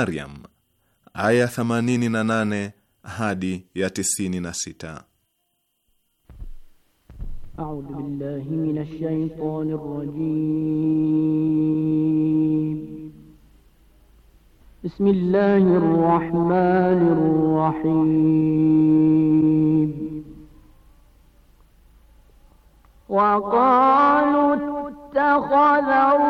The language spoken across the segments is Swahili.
Maryam aya 88 hadi ya 96. A'udhu billahi minash shaitanir rrajim. Bismillahir rahmanir rahim. Wa qalu ittakhadhu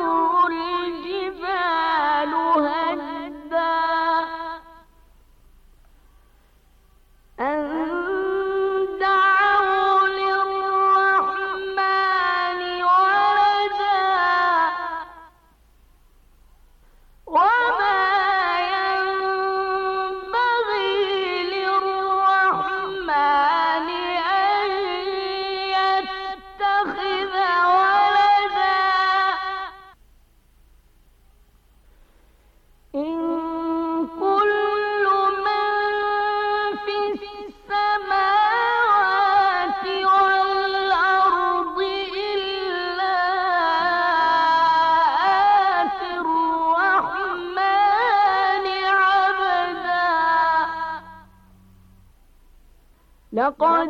لقد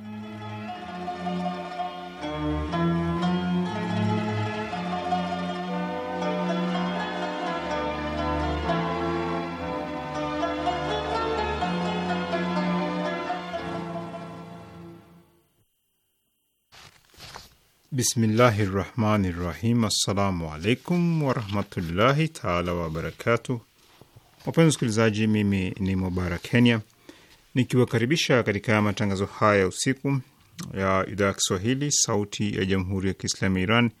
Bismillahi rahmani rahim. Assalamu alaikum warahmatullahi taala wabarakatu Wapenzi wasikilizaji, mimi ni Mubarak Kenya nikiwakaribisha katika matangazo haya ya usiku ya idhaa ya Kiswahili sauti ya jamhuri ya Kiislamu ya Iran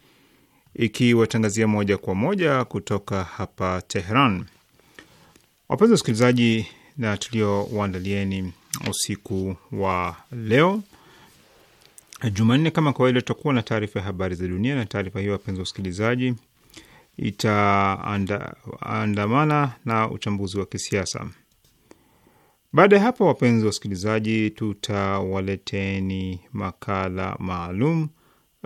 ikiwatangazia moja kwa moja kutoka hapa Tehran. Wapenzi wasikilizaji, na tuliowandalieni usiku wa leo Jumanne kama kawaida, tutakuwa na taarifa ya habari za dunia, na taarifa hiyo, wapenzi wa usikilizaji, itaandamana na uchambuzi wa kisiasa. Baada ya hapo, wapenzi wa usikilizaji, tutawaleteni makala maalum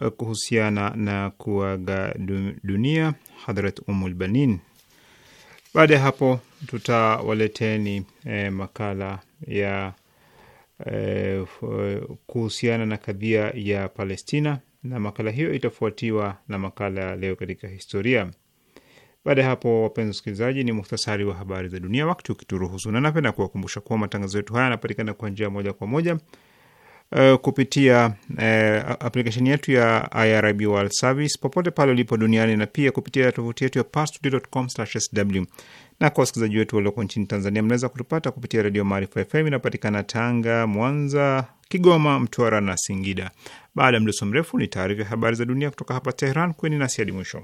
eh, kuhusiana na kuaga dunia Hadhrat Umul Banin. Baada ya hapo, tutawaleteni eh, makala ya eh, kuhusiana na kadhia ya Palestina, na makala hiyo itafuatiwa na makala ya leo katika historia. Baada ya hapo, wapenzi wasikilizaji, ni muhtasari wa habari za dunia wakati ukituruhusu, na napenda kuwakumbusha kuwa matangazo yetu haya yanapatikana kwa njia moja kwa moja Uh, kupitia uh, aplikesheni yetu ya IRIB World Service popote pale ulipo duniani na pia kupitia tovuti yetu ya parstoday.com/sw. Na kwa wasikilizaji wetu walioko nchini Tanzania, mnaweza kutupata kupitia redio Maarifa FM, inapatikana Tanga, Mwanza, Kigoma, Mtwara na Singida. Baada ya mdoso mrefu, ni taarifa ya habari za dunia kutoka hapa Teheran. Kweni nasi hadi mwisho.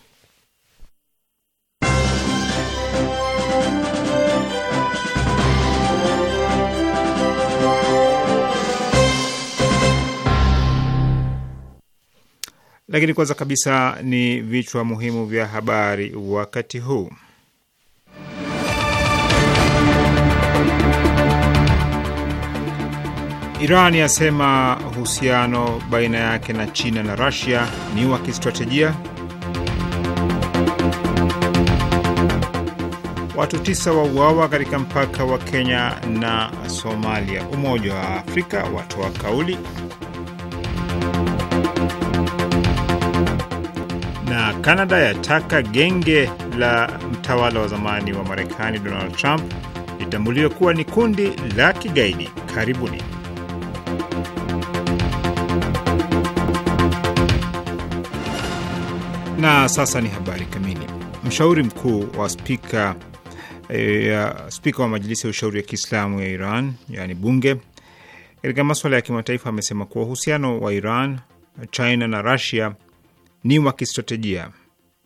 Lakini kwanza kabisa ni vichwa muhimu vya habari wakati huu. Iran yasema uhusiano baina yake na China na Rasia ni wa kistratejia. Watu tisa wauawa katika mpaka wa Kenya na Somalia. Umoja wa Afrika watoa kauli Kanada yataka genge la mtawala wa zamani wa Marekani Donald Trump litambuliwe kuwa ni kundi la kigaidi. Karibuni. Na sasa ni habari kamili. Mshauri mkuu wa spika e, spika wa majilisi ya ushauri ya Kiislamu ya Iran, yaani bunge, katika maswala ya kimataifa amesema kuwa uhusiano wa Iran, China na Russia ni wa kistratejia,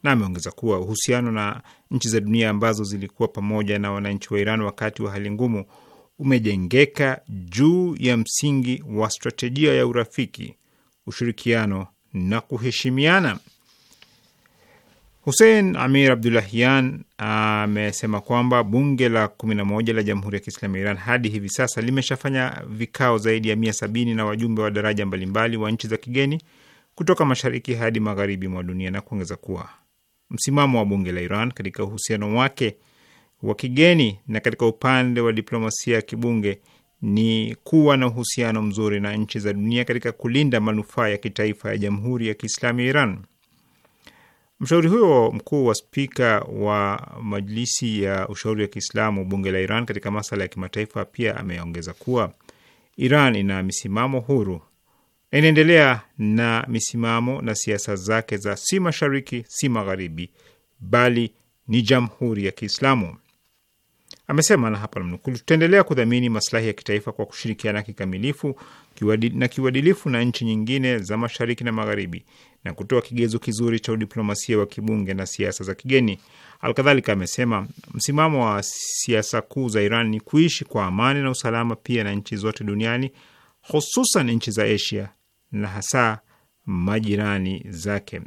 na ameongeza kuwa uhusiano na nchi za dunia ambazo zilikuwa pamoja na wananchi wa Iran wakati wa hali ngumu umejengeka juu ya msingi wa stratejia ya urafiki, ushirikiano na kuheshimiana. Hussein Amir Abdulahian amesema kwamba bunge la 11 la Jamhuri ya Kiislamu ya Iran hadi hivi sasa limeshafanya vikao zaidi ya mia na wajumbe wa daraja mbalimbali wa nchi za kigeni kutoka mashariki hadi magharibi mwa dunia na kuongeza kuwa msimamo wa bunge la Iran katika uhusiano wake wa kigeni na katika upande wa diplomasia ya kibunge ni kuwa na uhusiano mzuri na nchi za dunia katika kulinda manufaa ya kitaifa ya Jamhuri ya Kiislamu ya Iran. Mshauri huyo mkuu wa spika wa Majlisi ya Ushauri wa Kiislamu, bunge la Iran, katika masala ya kimataifa pia ameongeza kuwa Iran ina misimamo huru inaendelea na misimamo na siasa zake za si mashariki si magharibi, bali ni jamhuri ya Kiislamu. Amesema, na hapa namnukuu, tutaendelea kudhamini maslahi ya kitaifa kwa kushirikiana kikamilifu na kiuadilifu na nchi nyingine za mashariki na magharibi na kutoa kigezo kizuri cha udiplomasia wa kibunge na siasa za kigeni. Alkadhalika amesema msimamo wa siasa kuu za Iran ni kuishi kwa amani na usalama pia na nchi zote duniani, hususan nchi za Asia na hasa majirani zake.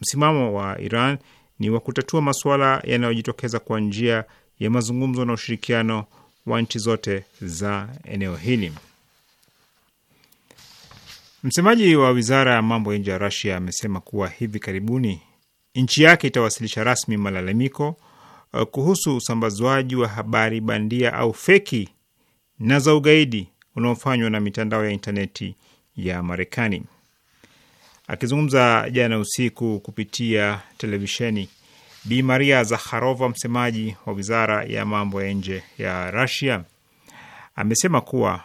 Msimamo wa Iran ni wa kutatua masuala yanayojitokeza kwa njia ya mazungumzo na ushirikiano wa nchi zote za eneo hili. Msemaji wa wizara ya mambo ya nje ya Rasia amesema kuwa hivi karibuni nchi yake itawasilisha rasmi malalamiko uh, kuhusu usambazwaji wa habari bandia au feki na za ugaidi unaofanywa na mitandao ya intaneti ya Marekani. Akizungumza jana usiku kupitia televisheni, Bi Maria Zakharova, msemaji wa wizara ya mambo ya nje ya Rusia, amesema kuwa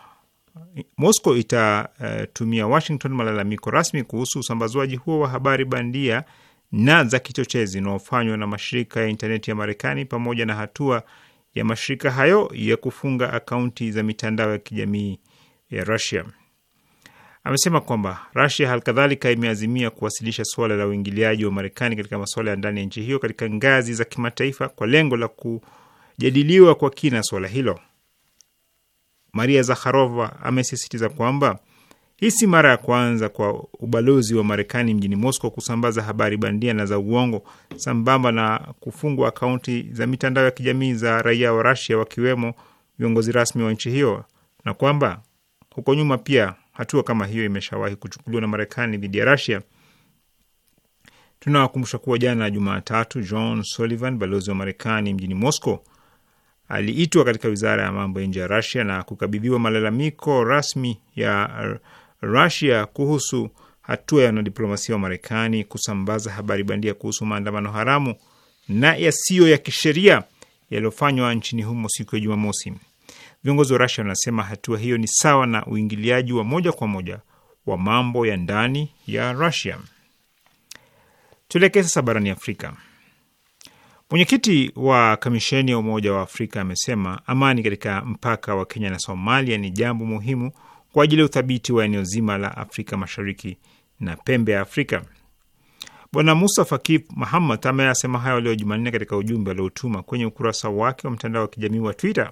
Moscow itatumia Washington malalamiko rasmi kuhusu usambazwaji huo wa habari bandia na za kichochezi unaofanywa na mashirika ya intaneti ya Marekani pamoja na hatua ya mashirika hayo ya kufunga akaunti za mitandao ya kijamii ya Rusia amesema kwamba Rasia halikadhalika imeazimia kuwasilisha suala la uingiliaji wa Marekani katika masuala ya ndani ya nchi hiyo katika ngazi za kimataifa kwa lengo la kujadiliwa kwa kina suala hilo. Maria Zakharova amesisitiza kwamba hii si mara ya kwanza kwa ubalozi wa Marekani mjini Moscow kusambaza habari bandia na za uongo sambamba na kufungwa akaunti za mitandao ya kijamii za raia wa Rasia wakiwemo viongozi rasmi wa nchi hiyo na kwamba huko nyuma pia Hatua kama hiyo imeshawahi kuchukuliwa na Marekani dhidi ya Rasia. Tunawakumbusha kuwa jana Jumatatu, John Sullivan, balozi wa Marekani mjini Moscow, aliitwa katika wizara ya mambo ya nje ya Rasia na kukabidhiwa malalamiko rasmi ya Rasia kuhusu hatua ya wanadiplomasia wa Marekani kusambaza habari bandia kuhusu maandamano haramu na yasiyo ya kisheria yaliyofanywa nchini humo siku ya Jumamosi. Viongozi wa Rusia wanasema hatua hiyo ni sawa na uingiliaji wa moja kwa moja wa mambo ya ndani ya Rusia. Tuelekee sasa barani Afrika. Mwenyekiti wa kamisheni ya Umoja wa Afrika amesema amani katika mpaka wa Kenya na Somalia ni jambo muhimu kwa ajili ya uthabiti wa eneo zima la Afrika Mashariki na pembe ya Afrika. Bwana Musa Faki Mahamat ameyasema hayo leo Jumanne katika ujumbe aliotuma kwenye ukurasa wake wa mtandao wa kijamii wa Twitter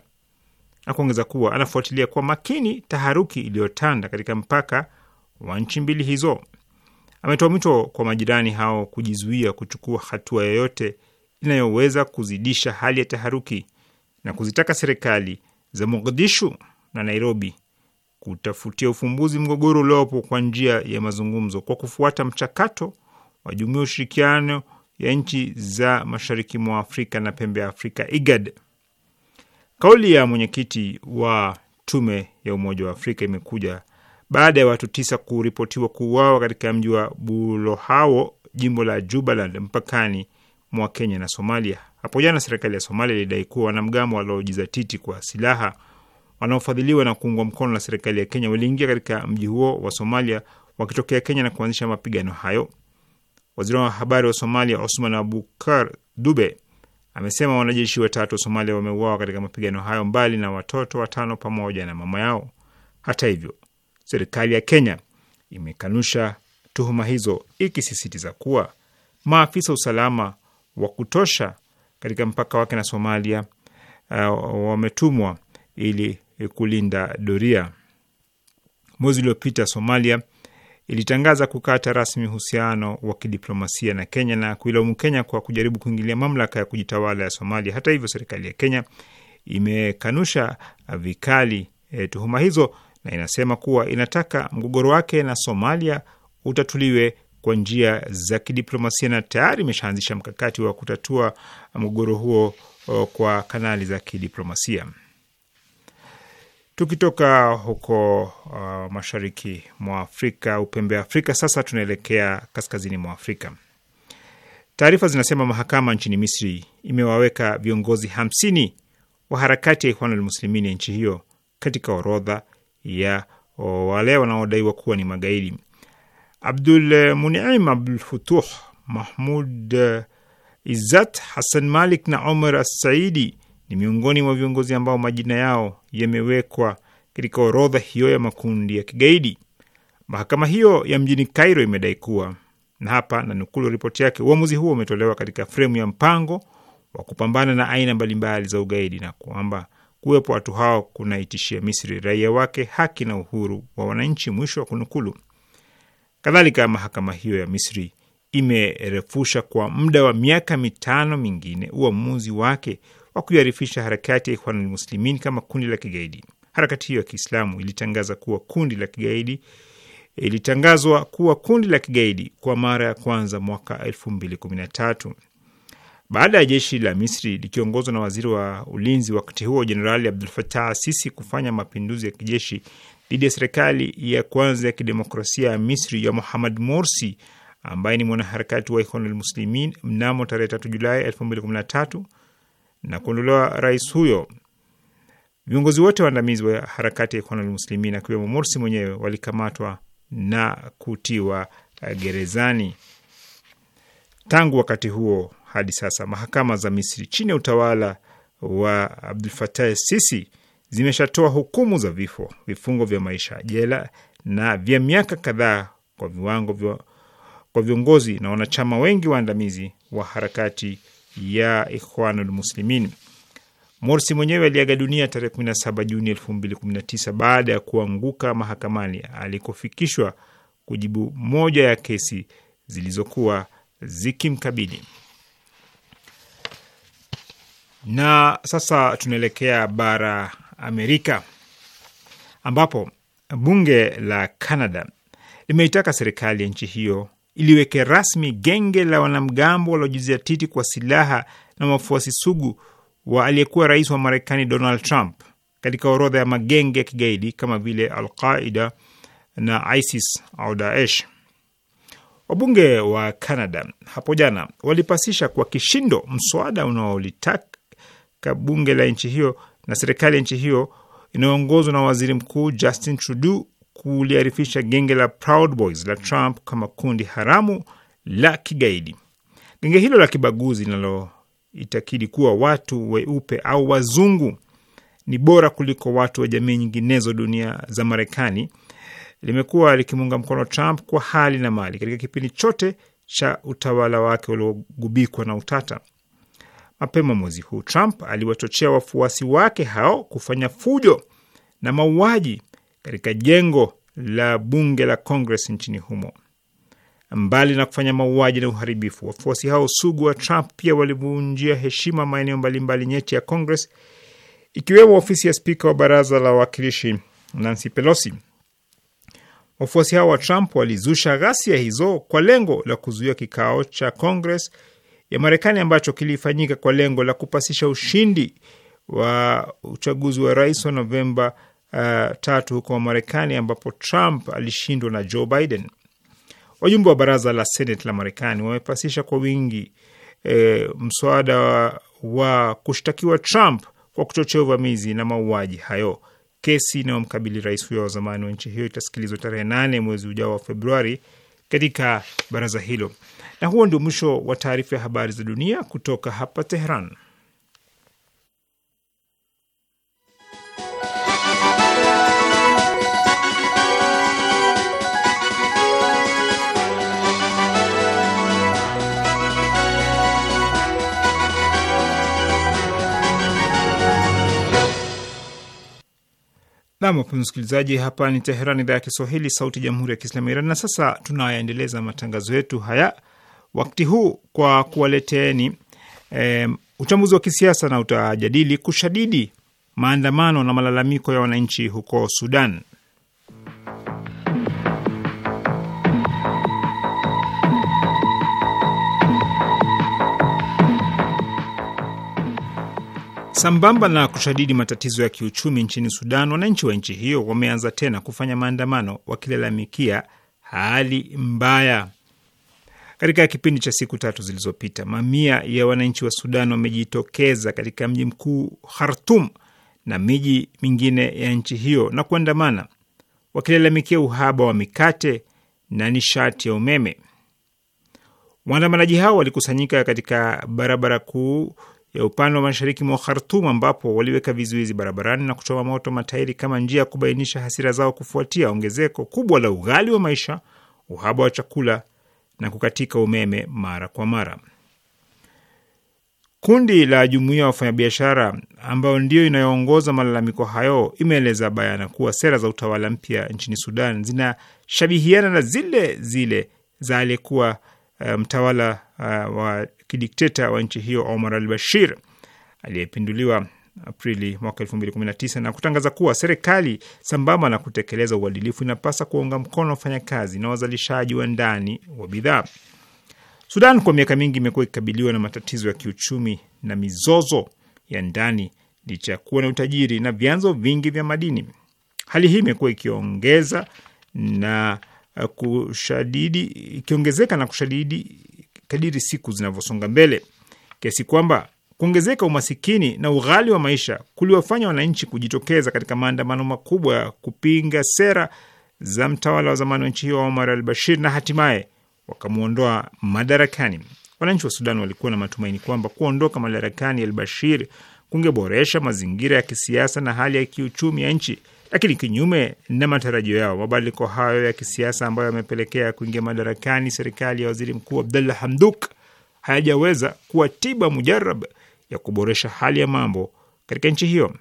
na kuongeza kuwa anafuatilia kwa makini taharuki iliyotanda katika mpaka wa nchi mbili hizo. Ametoa mwito kwa majirani hao kujizuia kuchukua hatua yoyote inayoweza kuzidisha hali ya taharuki na kuzitaka serikali za Mogadishu na Nairobi kutafutia ufumbuzi mgogoro uliopo kwa njia ya mazungumzo kwa kufuata mchakato wa Jumuiya ya Ushirikiano ya Nchi za Mashariki mwa Afrika na Pembe ya Afrika, IGAD. Kauli ya mwenyekiti wa tume ya Umoja wa Afrika imekuja baada ya watu tisa kuripotiwa kuuawa katika mji wa Bulohawo, jimbo la Jubaland, mpakani mwa Kenya na Somalia. Hapo jana serikali ya Somalia ilidai kuwa wanamgambo waliojizatiti kwa silaha wanaofadhiliwa na kuungwa mkono na serikali ya Kenya waliingia katika mji huo wa Somalia wakitokea Kenya na kuanzisha mapigano hayo. Waziri wa habari wa Somalia Osman abukar Dube amesema wanajeshi watatu wa Somalia wameuawa katika mapigano hayo, mbali na watoto watano pamoja na mama yao. Hata hivyo, serikali ya Kenya imekanusha tuhuma hizo, ikisisitiza kuwa maafisa usalama wa kutosha katika mpaka wake na Somalia uh, wametumwa ili kulinda doria. Mwezi uliopita Somalia ilitangaza kukata rasmi uhusiano wa kidiplomasia na Kenya na kuilaumu Kenya kwa kujaribu kuingilia mamlaka ya kujitawala ya Somalia. Hata hivyo, serikali ya Kenya imekanusha vikali e, tuhuma hizo na inasema kuwa inataka mgogoro wake na Somalia utatuliwe kwa njia za kidiplomasia na tayari imeshaanzisha mkakati wa kutatua mgogoro huo o, kwa kanali za kidiplomasia. Tukitoka huko uh, mashariki mwa Afrika, upembe wa Afrika, sasa tunaelekea kaskazini mwa Afrika. Taarifa zinasema mahakama nchini Misri imewaweka viongozi hamsini wa harakati ya Ikhwanul Muslimin ya nchi hiyo katika orodha ya uh, wale wanaodaiwa kuwa ni magaidi. Abdul Munim Abdul Futuh Mahmud uh, Izzat Hassan Malik na Omar Assaidi ni miongoni mwa viongozi ambao majina yao yamewekwa katika orodha hiyo ya makundi ya kigaidi. Mahakama hiyo ya mjini Cairo imedai kuwa, na hapa na nukulu ripoti yake, uamuzi huo umetolewa katika fremu ya mpango wa kupambana na aina mbalimbali za ugaidi na kwamba kuwepo watu hao kunaitishia Misri, raia wake, haki na uhuru wa wananchi. Mwisho wa kunukulu. Kadhalika, mahakama hiyo ya Misri imerefusha kwa muda wa miaka mitano mingine uamuzi wake wa kuiarifisha harakati ya Ikhwanul Muslimin kama kundi la kigaidi. Harakati hiyo ya Kiislamu ilitangaza kuwa kundi la kigaidi ilitangazwa kuwa kundi la kigaidi kwa mara ya kwanza mwaka 2013 baada ya jeshi la Misri likiongozwa na waziri wa ulinzi wakati huo Jenerali Abdul fatah Sisi kufanya mapinduzi ya kijeshi dhidi ya serikali ya kwanza ya kidemokrasia ya Misri ya Muhammad Morsi ambaye ni mwanaharakati wa Ikhwanul Muslimin mnamo tarehe 3 Julai 2013 na kuondolewa rais huyo. Viongozi wote waandamizi wa harakati ya Ikhwanul Muslimin akiwemo Morsi mwenyewe walikamatwa na kutiwa eh, gerezani. Tangu wakati huo hadi sasa mahakama za Misri chini ya utawala wa Abdul Fatah Sisi zimeshatoa hukumu za vifo, vifungo vya maisha jela na vya miaka kadhaa kwa viwango vya, kwa viongozi na wanachama wengi waandamizi wa harakati ya Ikhwanul Muslimin. Morsi mwenyewe aliaga dunia tarehe 17 Juni 2019 baada ya kuanguka mahakamani alikofikishwa kujibu moja ya kesi zilizokuwa zikimkabili. Na sasa tunaelekea bara Amerika ambapo bunge la Canada limeitaka serikali ya nchi hiyo iliweke rasmi genge la wanamgambo waliojizatiti kwa silaha na wafuasi sugu wa aliyekuwa rais wa Marekani Donald Trump katika orodha ya magenge ya kigaidi kama vile Alqaida na ISIS au Daesh. Wabunge wa Canada hapo jana walipasisha kwa kishindo mswada unaolitaka bunge la nchi hiyo na serikali ya nchi hiyo inayoongozwa na waziri mkuu Justin Trudeau kuliarifisha genge la Proud Boys la Trump kama kundi haramu la kigaidi. Genge hilo la kibaguzi linaloitakidi kuwa watu weupe au wazungu ni bora kuliko watu wa jamii nyinginezo dunia za Marekani limekuwa likimuunga mkono Trump kwa hali na mali katika kipindi chote cha utawala wake uliogubikwa na utata. Mapema mwezi huu Trump aliwachochea wafuasi wake hao kufanya fujo na mauaji katika jengo la bunge la Congress nchini humo. Mbali na kufanya mauaji na uharibifu, wafuasi hao sugu wa Trump pia walivunjia heshima maeneo mbalimbali nyeti ya Congress, ikiwemo ofisi ya spika wa baraza la wawakilishi Nancy Pelosi. Wafuasi hao wa Trump walizusha ghasia hizo kwa lengo la kuzuia kikao cha Congress ya Marekani ambacho kilifanyika kwa lengo la kupasisha ushindi wa uchaguzi wa rais wa Novemba uh, tatu huko Marekani ambapo Trump alishindwa na Joe Biden. Wajumbe wa baraza la Senate la Marekani wamepasisha kwa wingi e, mswada wa, wa kushtakiwa Trump kwa kuchochea uvamizi na mauaji hayo. Kesi inayomkabili rais huyo wa zamani wa nchi hiyo itasikilizwa tarehe nane mwezi ujao wa Februari katika baraza hilo. Na huo ndio mwisho wa taarifa ya habari za dunia kutoka hapa teheran Nam, wapenzi msikilizaji, hapa ni Teheran, idhaa ya Kiswahili, sauti ya jamhuri ya kiislamu ya Iran. Na sasa tunayaendeleza matangazo yetu haya wakti huu kwa kuwaleteeni e, uchambuzi wa kisiasa na utajadili kushadidi maandamano na malalamiko ya wananchi huko Sudan. Sambamba na kushadidi matatizo ya kiuchumi nchini Sudan, wananchi wa nchi hiyo wameanza tena kufanya maandamano wakilalamikia hali mbaya. Katika kipindi cha siku tatu zilizopita, mamia ya wananchi wa Sudan wamejitokeza katika mji mkuu Khartum na miji mingine ya nchi hiyo na kuandamana wakilalamikia uhaba wa mikate na nishati ya umeme. Waandamanaji hao walikusanyika katika barabara kuu ya upande wa mashariki mwa Khartum ambapo waliweka vizuizi barabarani na kuchoma moto matairi kama njia ya kubainisha hasira zao kufuatia ongezeko kubwa la ughali wa maisha, uhaba wa chakula na kukatika umeme mara kwa mara. Kundi la jumuiya ya wafanyabiashara ambayo ndiyo inayoongoza malalamiko hayo imeeleza bayana kuwa sera za utawala mpya nchini Sudan zinashabihiana na zile zile za aliyekuwa eh, mtawala um, uh, wa kidikteta wa nchi hiyo Omar al Bashir aliyepinduliwa Aprili mwaka kumi na kutangaza kuwa serikali sambamba na kutekeleza uadilifu inapasa kuwaunga mkono wafanyakazi na wazalishaji wa ndani wa bidhaa. Sudan kwa miaka mingi imekuwa ikikabiliwa na matatizo ya kiuchumi na mizozo ya ndani licha ya kuwa na utajiri na vyanzo vingi vya madini. Hali hii imekuwa ikiongeza na kushadidi, ikiongezeka na kushadidi kadiri siku zinavyosonga mbele, kiasi kwamba kuongezeka umasikini na ughali wa maisha kuliwafanya wananchi kujitokeza katika maandamano makubwa ya kupinga sera za mtawala wa zamani wa nchi hiyo Omar al Bashir na hatimaye wakamwondoa madarakani. Wananchi wa Sudan walikuwa na matumaini kwamba kuondoka madarakani al Bashir kungeboresha mazingira ya kisiasa na hali ya kiuchumi ya nchi lakini kinyume na matarajio yao, mabadiliko hayo ya kisiasa ambayo yamepelekea kuingia madarakani serikali ya waziri mkuu Abdalla Hamduk hayajaweza kuwa tiba mujarab ya kuboresha hali ya mambo katika nchi hiyo.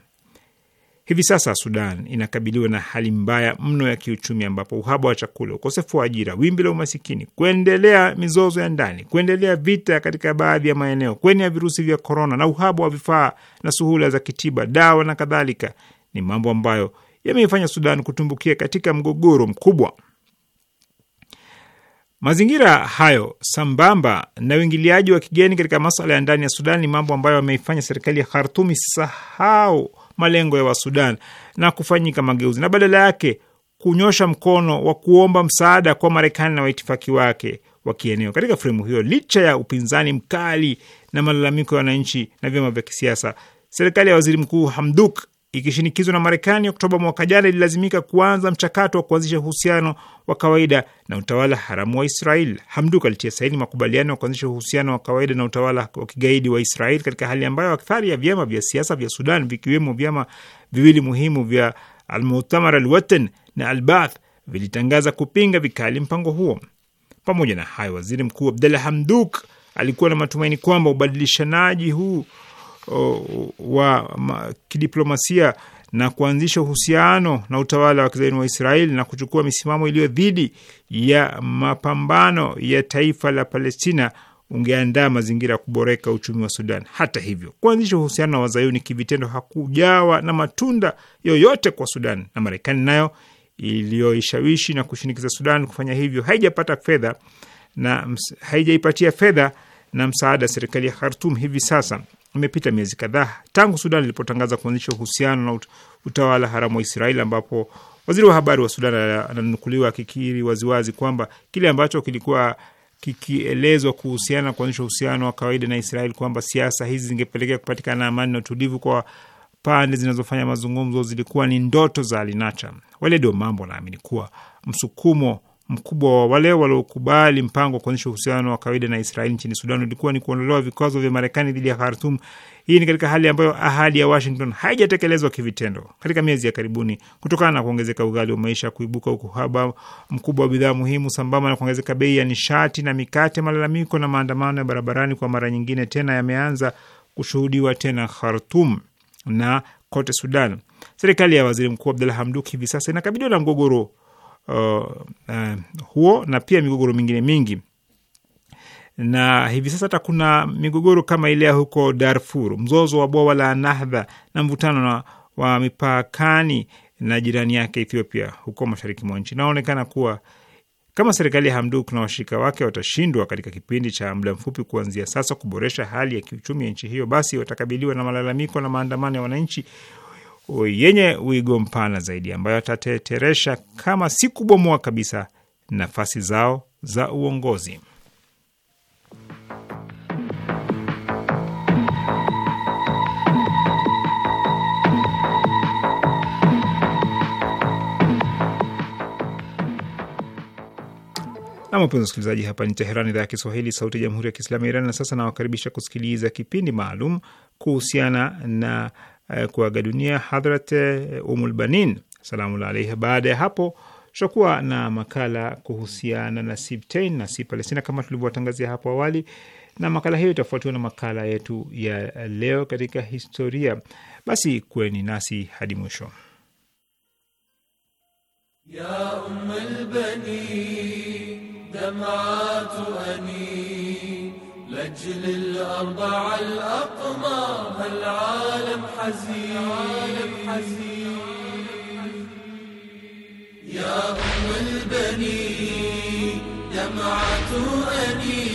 Hivi sasa Sudan inakabiliwa na hali mbaya mno ya kiuchumi, ambapo uhaba wa chakula, ukosefu wa ajira, wimbi la umasikini, kuendelea mizozo ya ndani, kuendelea vita katika baadhi ya maeneo, kuenea virusi vya korona na uhaba wa vifaa na suhula za kitiba, dawa na kadhalika, ni mambo ambayo yameifanya Sudan kutumbukia katika mgogoro mkubwa. Mazingira hayo sambamba na uingiliaji wa kigeni katika masuala ya ndani ya Sudan ni mambo ambayo yameifanya serikali ya Khartoum isahau malengo ya Wasudan na kufanyika mageuzi na badala yake kunyosha mkono wa kuomba msaada kwa Marekani na waitifaki wake wa kieneo. Katika fremu hiyo, licha ya upinzani mkali na malalamiko ya wananchi na vyama vya kisiasa, serikali ya waziri mkuu Hamduk ikishinikizwa na Marekani, Oktoba mwaka jana ililazimika kuanza mchakato wa kuanzisha uhusiano wa kawaida na utawala haramu wa Israel. Hamduk alitia saini makubaliano ya kuanzisha uhusiano wa kawaida na utawala wa kigaidi wa Israel katika hali ambayo akthari ya vyama vya siasa vya Sudan vikiwemo vyama viwili muhimu vya Almutamar Alwatan na albath vilitangaza kupinga vikali mpango huo. Pamoja na hayo, waziri mkuu Abdalla Hamduk alikuwa na matumaini kwamba ubadilishanaji huu wa kidiplomasia na kuanzisha uhusiano na utawala wa kizayuni wa Israeli na kuchukua misimamo iliyo dhidi ya mapambano ya taifa la Palestina ungeandaa mazingira ya kuboreka uchumi wa Sudan. Hata hivyo, kuanzisha uhusiano na wazayuni kivitendo hakujawa na matunda yoyote kwa Sudan, na Marekani nayo iliyoishawishi na kushinikiza Sudan kufanya hivyo haijapata fedha na haijaipatia fedha na msaada serikali ya Khartum hivi sasa imepita miezi kadhaa tangu Sudan ilipotangaza kuanzisha uhusiano na utawala haramu wa Israeli, ambapo waziri wa habari wa Sudan ananukuliwa akikiri waziwazi kwamba kile ambacho kilikuwa kikielezwa kuhusiana na kuanzisha uhusiano wa kawaida na Israeli kwamba siasa hizi zingepelekea kupatikana amani na utulivu kwa pande zinazofanya mazungumzo zilikuwa ni ndoto za alinacha. Weledi wa mambo wanaamini kuwa msukumo mkubwa wa wale waliokubali mpango wa kuanzisha uhusiano wa kawaida na Israeli nchini Sudan ulikuwa ni kuondolewa vikwazo vya Marekani dhidi ya Khartum. Hii ni katika hali ambayo ahadi ya Washington haijatekelezwa kivitendo katika miezi ya karibuni, kutokana na kuongezeka ughali wa maisha, kuibuka ukuhaba mkubwa wa bidhaa muhimu, sambamba na kuongezeka bei ya nishati na mikate. Malalamiko na maandamano ya barabarani kwa mara nyingine tena yameanza kushuhudiwa tena Khartum na kote Sudan. Serikali ya waziri mkuu Abdalla Hamduk hivi sasa inakabiliwa na mgogoro uh, uh, huo na pia migogoro mingine mingi na hivi sasa hata kuna migogoro kama ile ya huko Darfur, mzozo wa bwawa la Nahdha na mvutano na wa mipakani na jirani yake Ethiopia huko mashariki mwa nchi. Inaonekana kuwa kama serikali ya Hamduk na washirika wake watashindwa katika kipindi cha muda mfupi kuanzia sasa kuboresha hali ya kiuchumi ya nchi hiyo, basi watakabiliwa na malalamiko na maandamano ya wananchi yenye wigo mpana zaidi ambayo atateteresha kama si kubomoa kabisa nafasi zao za uongozi. Namwapenzi msikilizaji, hapa ni Teherani, idhaa ya Kiswahili, sauti ya jamhuri ya kiislamu ya Iran. Na sasa nawakaribisha kusikiliza kipindi maalum kuhusiana na Eh, kuaga dunia Hadhrat eh, Umulbanin salamu alaiha. Baada ya hapo tutakuwa na makala kuhusiana na Sibtain na si Palestina kama tulivyowatangazia hapo awali, na makala hiyo itafuatiwa na makala yetu ya leo katika historia. Basi kweni nasi hadi mwisho ya لجل الأربع الأقمار العالم حزين يا أم البني دمعة أنين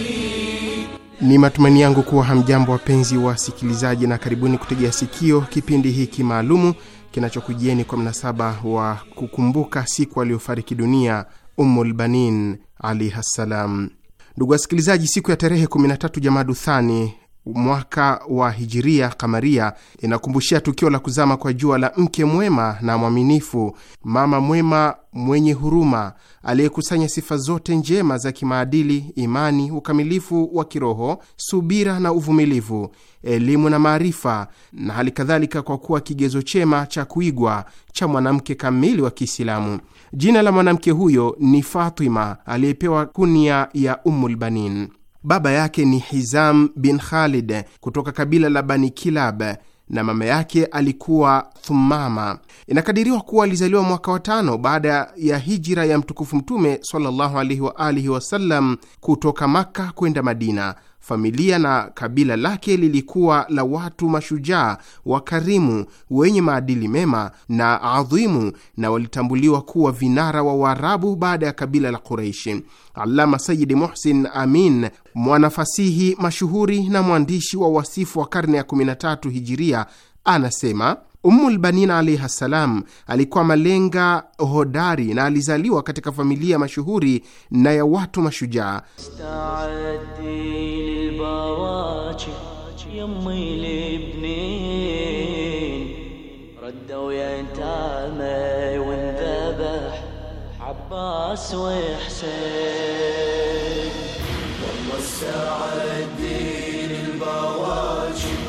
ni matumaini yangu kuwa hamjambo wapenzi wa wasikilizaji, na karibuni kutegea sikio kipindi hiki maalumu kinachokujieni kwa mnasaba wa kukumbuka siku aliyofariki dunia Ummulbanin alaihi ssalam. Ndugu wasikilizaji, siku ya tarehe 13 Jamadu Thani mwaka wa hijiria kamaria, inakumbushia tukio la kuzama kwa jua la mke mwema na mwaminifu, mama mwema mwenye huruma, aliyekusanya sifa zote njema za kimaadili, imani, ukamilifu wa kiroho, subira na uvumilivu, elimu na maarifa, na hali kadhalika, kwa kuwa kigezo chema cha kuigwa cha mwanamke kamili wa Kiislamu. Jina la mwanamke huyo ni Fatima, aliyepewa kunia ya Ummulbanin. Baba yake ni Hizam bin Khalid kutoka kabila la Bani Kilab na mama yake alikuwa Thumama. Inakadiriwa kuwa alizaliwa mwaka wa tano baada ya hijira ya mtukufu Mtume sallallahu alaihi wa alihi wasallam kutoka Makka kwenda Madina Familia na kabila lake lilikuwa la watu mashujaa, wakarimu, wenye maadili mema na adhimu, na walitambuliwa kuwa vinara wa Waarabu baada ya kabila la Quraishi. Alama Sayidi Muhsin Amin, mwanafasihi mashuhuri na mwandishi wa wasifu wa karne ya 13 Hijiria, anasema Ummulbanin alaihi ssalam alikuwa malenga hodari na alizaliwa katika familia mashuhuri na ya watu mashujaa. عباس وحسين والله الساعة الدين البواجب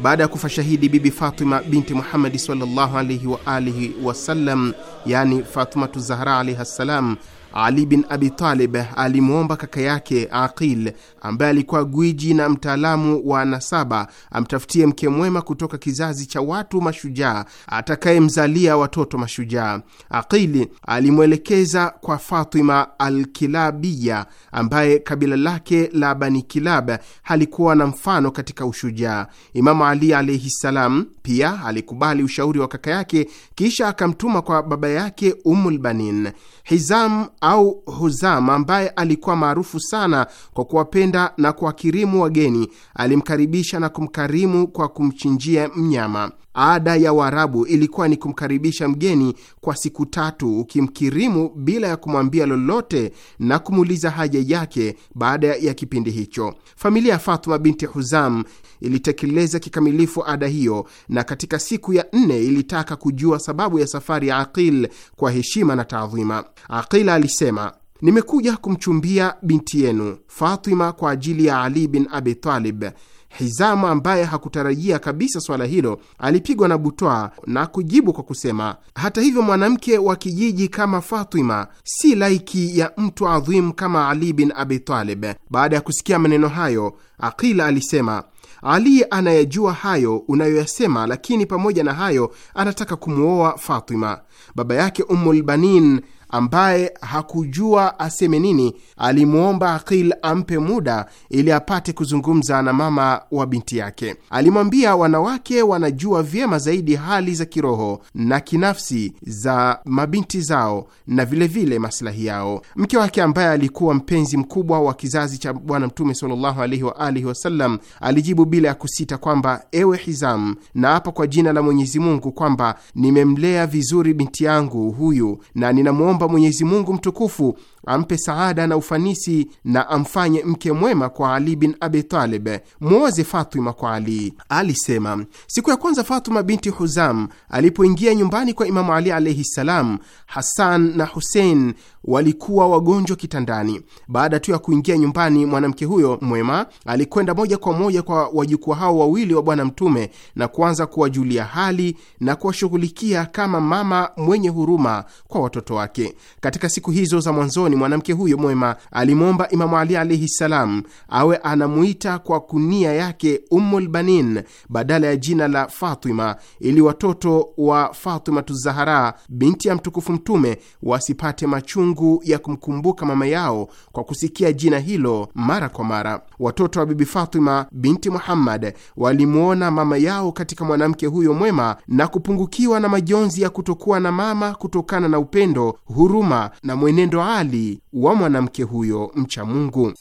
baada ya kufa shahidi Bibi Fatima binti Muhammadi sallallahu alaihi wa alihi wasallam, yani Fatimatu Zahra alaihi ssalam Ali bin Abi Talib alimwomba kaka yake Aqil ambaye alikuwa gwiji na mtaalamu wa nasaba amtafutie mke mwema kutoka kizazi cha watu mashujaa atakayemzalia watoto mashujaa. Aqili alimwelekeza kwa Fatima Alkilabiya ambaye kabila lake la Bani Kilab halikuwa na mfano katika ushujaa. Imamu Ali alaihi ssalam pia alikubali ushauri wa kaka yake, kisha akamtuma kwa baba yake Ummulbanin. Hizam au Huzam ambaye alikuwa maarufu sana kwa kuwapenda na kuwakirimu wageni, alimkaribisha na kumkarimu kwa kumchinjia mnyama. Ada ya Waarabu ilikuwa ni kumkaribisha mgeni kwa siku tatu, ukimkirimu bila ya kumwambia lolote na kumuuliza haja yake baada ya kipindi hicho. Familia ya Fatuma binti Huzam ilitekeleza kikamilifu ada hiyo, na katika siku ya nne ilitaka kujua sababu ya safari ya Aqil kwa heshima na taadhima. Aqil alisema nimekuja kumchumbia binti yenu Fatima kwa ajili ya Ali bin Abi Talib Hizamu, ambaye hakutarajia kabisa swala hilo, alipigwa na butwaa na kujibu kwa kusema, hata hivyo, mwanamke wa kijiji kama Fatima si laiki ya mtu adhimu kama Ali bin Abi Talib. Baada ya kusikia maneno hayo, Aqila alisema ali anayajua hayo unayoyasema, lakini pamoja na hayo anataka kumwoa Fatima. Baba yake Ummulbanin ambaye hakujua aseme nini, alimwomba Aqil ampe muda ili apate kuzungumza na mama wa binti yake. Alimwambia wanawake wanajua vyema zaidi hali za kiroho na kinafsi za mabinti zao na vilevile masilahi yao. Mke wake ambaye alikuwa mpenzi mkubwa wa kizazi cha Bwana Mtume sallallahu alaihi wa alihi wasallam alijibu bila ya kusita kwamba ewe Hizam, hapa kwa jina la Mwenyezi Mungu kwamba nimemlea vizuri binti yangu huyu na ninamwomba kumwomba Mwenyezi Mungu mtukufu ampe saada na ufanisi na amfanye mke mwema kwa Ali bin Abi Talib, mwoze Fatuma kwa Ali. Alisema, siku ya kwanza Fatuma binti Huzam alipoingia nyumbani kwa Imamu Ali alaihi ssalam, Hasan na Husein walikuwa wagonjwa kitandani. Baada tu ya kuingia nyumbani, mwanamke huyo mwema alikwenda moja kwa moja kwa wajukuu hao wawili wa Bwana Mtume na kuanza kuwajulia hali na kuwashughulikia kama mama mwenye huruma kwa watoto wake. Katika siku hizo za mwanzoni Miongoni mwanamke huyo mwema alimwomba Imamu Ali alaihi ssalam awe anamuita kwa kunia yake ummulbanin Banin badala ya jina la Fatima ili watoto wa Fatimatu Zahara binti ya mtukufu Mtume wasipate machungu ya kumkumbuka mama yao kwa kusikia jina hilo mara kwa mara. Watoto wa Bibi Fatima binti Muhammad walimwona mama yao katika mwanamke huyo mwema na kupungukiwa na majonzi ya kutokuwa na mama kutokana na upendo, huruma na mwenendo ali ukweli wa mwanamke huyo mcha Mungu.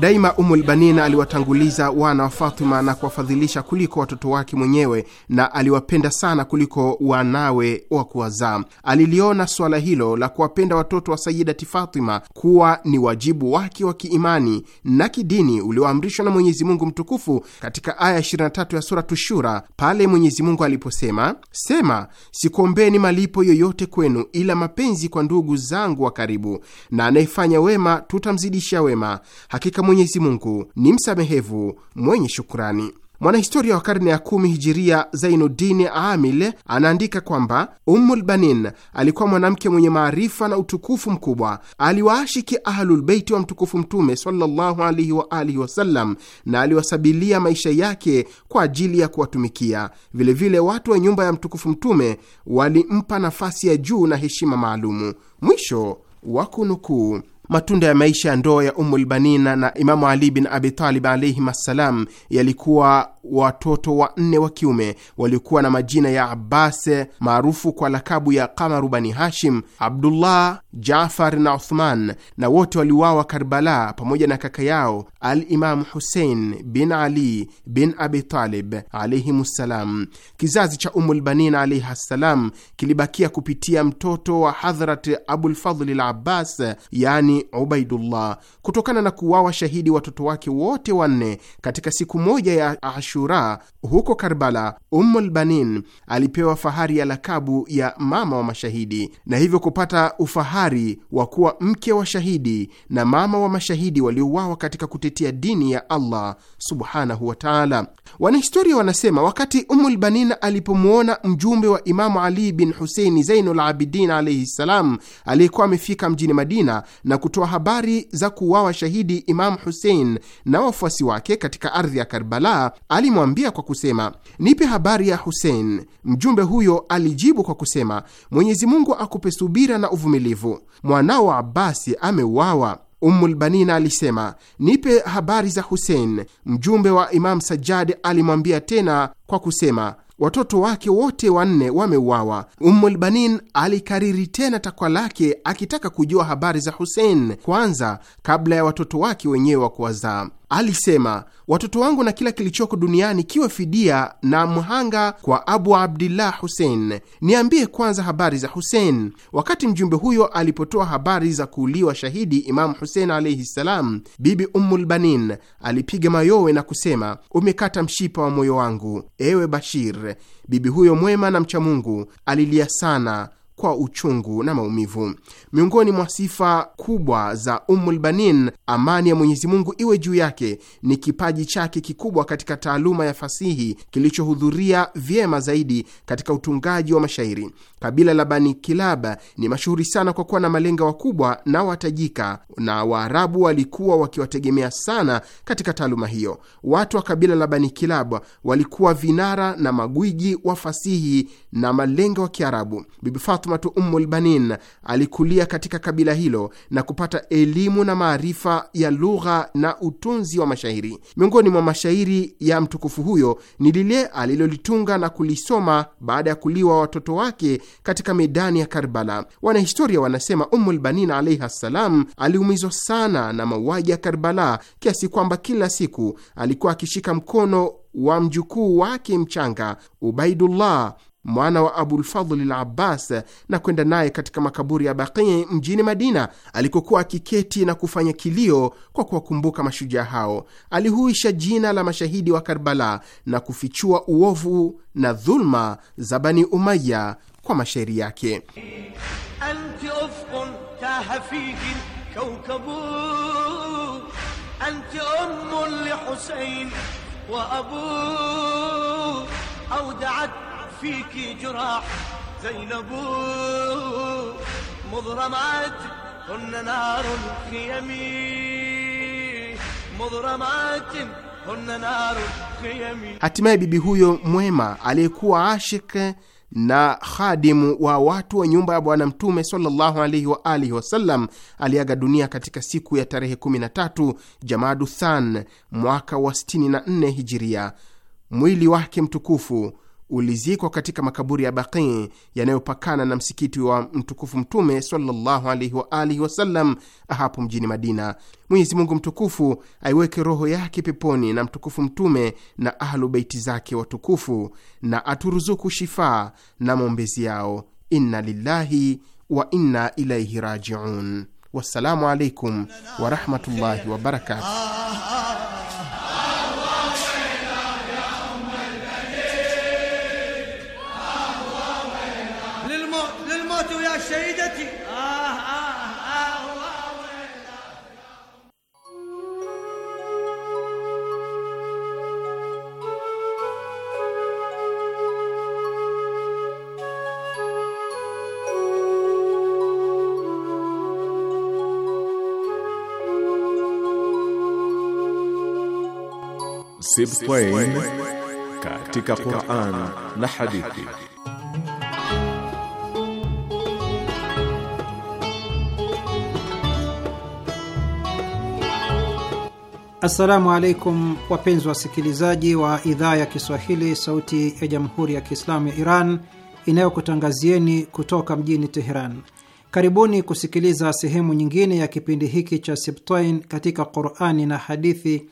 Daima Umul aliwatanguliza wana wa Fatima na kuwafadhilisha kuliko watoto wake mwenyewe, na aliwapenda sana kuliko wanawe wa kuwazaa. Aliliona suala hilo la kuwapenda watoto wa Sayidati Fatima kuwa ni wajibu wake wa kiimani na kidini ulioamrishwa na Mwenyezi Mungu mtukufu katika aya 23 ya Suratu Shura, pale Mwenyezi Mungu aliposema: Sema, sikuombeni malipo yoyote kwenu ila mapenzi kwa ndugu zangu wa karibu, na anayefanya wema tutamzidishia wema, hakika Mwenyezi Mungu ni msamehevu mwenye shukurani. Mwanahistoria wa karne ya kumi hijiria Zainuddin Amil anaandika kwamba ummulbanin Banin alikuwa mwanamke mwenye maarifa na utukufu mkubwa. Aliwaashiki Ahlulbeiti wa mtukufu Mtume sallallahu wa alihi wasallam na aliwasabilia maisha yake kwa ajili ya kuwatumikia. Vilevile watu wa nyumba ya mtukufu Mtume walimpa nafasi ya juu na heshima maalumu. Mwisho wa kunukuu. Matunda ya maisha ya ndoa ya Umulbanina na Imamu Ali bin abitalib Talib alaihim assalam yalikuwa watoto wanne wa kiume waliokuwa na majina ya Abbas maarufu kwa lakabu ya Kamaru Bani Hashim, Abdullah, Jafar na Uthman, na wote waliuawa Karbala pamoja na kaka yao Alimamu Husein bin Ali bin abitalib Talib alaihim ssalam. Kizazi cha Umulbanin alaihi ssalam kilibakia kupitia mtoto wa Hadhrat Abulfadhli Abbas yani Ubaidullah kutokana na kuwawa shahidi watoto wake wote wanne katika siku moja ya Ashura huko Karbala. Ummul Banin alipewa fahari ya lakabu ya mama wa mashahidi na hivyo kupata ufahari wa kuwa mke wa shahidi na mama wa mashahidi waliouawa katika kutetea dini ya Allah subhanahu wataala Wanahistoria wanasema wakati Ummul Banin alipomwona mjumbe wa Imamu Ali bin Huseini Zainul Abidin alaihi ssalam aliyekuwa amefika mjini Madina na kutoa habari za kuuawa shahidi Imamu Husein na wafuasi wake katika ardhi ya Karbala, alimwambia kwa kusema, nipe habari ya Husein. Mjumbe huyo alijibu kwa kusema, Mwenyezi Mungu akupe subira na uvumilivu, mwanao Abasi ameuawa. Ummulbanina alisema nipe habari za Husein. Mjumbe wa Imamu Sajjad alimwambia tena kwa kusema watoto wake wote wanne wameuawa. Ummul alikariri tena takwa lake akitaka kujua habari za Husein kwanza kabla ya watoto wake wenyewe wa kuwazaa. Alisema, watoto wangu na kila kilichoko duniani kiwe fidia na mhanga kwa Abu Abdillah Hussein. Niambie kwanza habari za Hussein. Wakati mjumbe huyo alipotoa habari za kuuliwa shahidi Imamu Hussein alaihi ssalam, Bibi ummulbanin Banin alipiga mayowe na kusema, umekata mshipa wa moyo wangu, ewe Bashir. Bibi huyo mwema na mchamungu alilia sana kwa uchungu na maumivu. Miongoni mwa sifa kubwa za ummulbanin amani ya Mwenyezi Mungu iwe juu yake, ni kipaji chake kikubwa katika taaluma ya fasihi kilichohudhuria vyema zaidi katika utungaji wa mashairi. Kabila la Bani Kilab ni mashuhuri sana kwa kuwa na malenga wakubwa na watajika, na Waarabu walikuwa wakiwategemea sana katika taaluma hiyo. Watu wa kabila la Bani Kilab walikuwa vinara na magwiji wa fasihi na malenga wa Kiarabu. Bibi Fatmatu Ummul Banin alikulia katika kabila hilo na kupata elimu na maarifa ya lugha na utunzi wa mashairi. Miongoni mwa mashairi ya mtukufu huyo ni lile alilolitunga na kulisoma baada ya kuliwa watoto wake katika medani ya Karbala. Wanahistoria wanasema Ummul Banin alaihi ssalam aliumizwa sana na mauaji ya Karbala kiasi kwamba kila siku alikuwa akishika mkono wa mjukuu wake mchanga Ubaidullah mwana wa Abulfadhli l Abbas na kwenda naye katika makaburi ya Baqii mjini Madina alikokuwa akiketi na kufanya kilio kwa kuwakumbuka mashujaa hao. Alihuisha jina la mashahidi wa Karbala na kufichua uovu na dhulma za Bani Umaya kwa mashairi yake. فيك جراح زينب مضرمات هن نار خيمي مضرمات هن نار خيمي. Hatimaye bibi huyo mwema aliyekuwa ashik na khadimu wa watu wa nyumba ya Bwana Mtume sallallahu alaihi wa alihi wasallam aliaga dunia katika siku ya tarehe 13 Jamadu Than mwaka wa 64 Hijiria. Mwili wake mtukufu ulizikwa katika makaburi ya Baqi yanayopakana na msikiti wa mtukufu Mtume sallallahu alaihi wa alihi wasallam hapo mjini Madina. Mwenyezi Mungu mtukufu aiweke roho yake peponi na mtukufu Mtume na ahlu beiti zake watukufu, na aturuzuku shifaa na maombezi yao. Inna lillahi wa inna ilaihi rajiun. Wassalamu alaikum warahmatullahi wabarakatuh. Ah, ah, Sibtain katika Qur'an na hadithi. Assalamu alaikum wapenzi wasikilizaji wa idhaa ya Kiswahili sauti ya Jamhuri ya Kiislamu ya Iran inayokutangazieni kutoka mjini Teheran. Karibuni kusikiliza sehemu nyingine ya kipindi hiki cha Sibtain katika Qur'ani na hadithi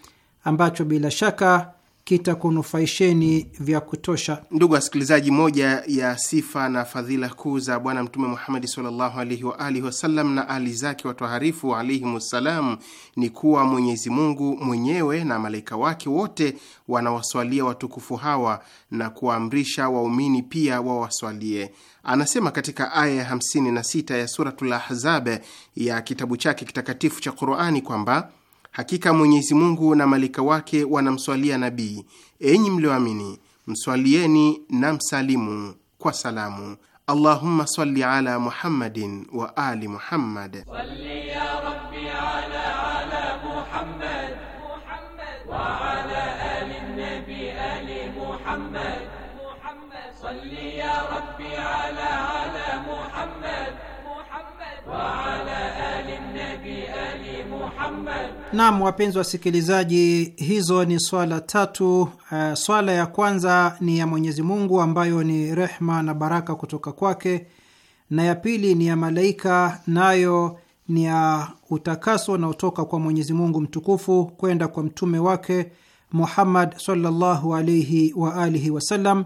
ambacho bila shaka kitakunufaisheni vya kutosha. Ndugu wasikilizaji, moja ya sifa na fadhila kuu za Bwana Mtume Muhamadi sallallahu alaihi wa alihi wasallam na ali zake watoharifu alaihimussalam ni kuwa Mwenyezi Mungu mwenyewe na malaika wake wote wanawaswalia watukufu hawa na kuwaamrisha waumini pia wawaswalie. Anasema katika aya ya 56 ya Suratul Ahzab ya kitabu chake kitakatifu cha Qurani kwamba Hakika Mwenyezi Mungu na malaika wake wanamswalia nabii: enyi mlioamini, mswalieni na msalimu kwa salamu. Allahumma salli ala Muhammadin wa ali Muhammad. Salli ya Rabbi ala Naam, wapenzi wasikilizaji, hizo ni swala tatu. Uh, swala ya kwanza ni ya Mwenyezi Mungu ambayo ni rehma na baraka kutoka kwake, na ya pili ni ya malaika, nayo ni ya utakaso unaotoka kwa Mwenyezi Mungu mtukufu kwenda kwa mtume wake Muhammad sallallahu alaihi wa alihi wasallam,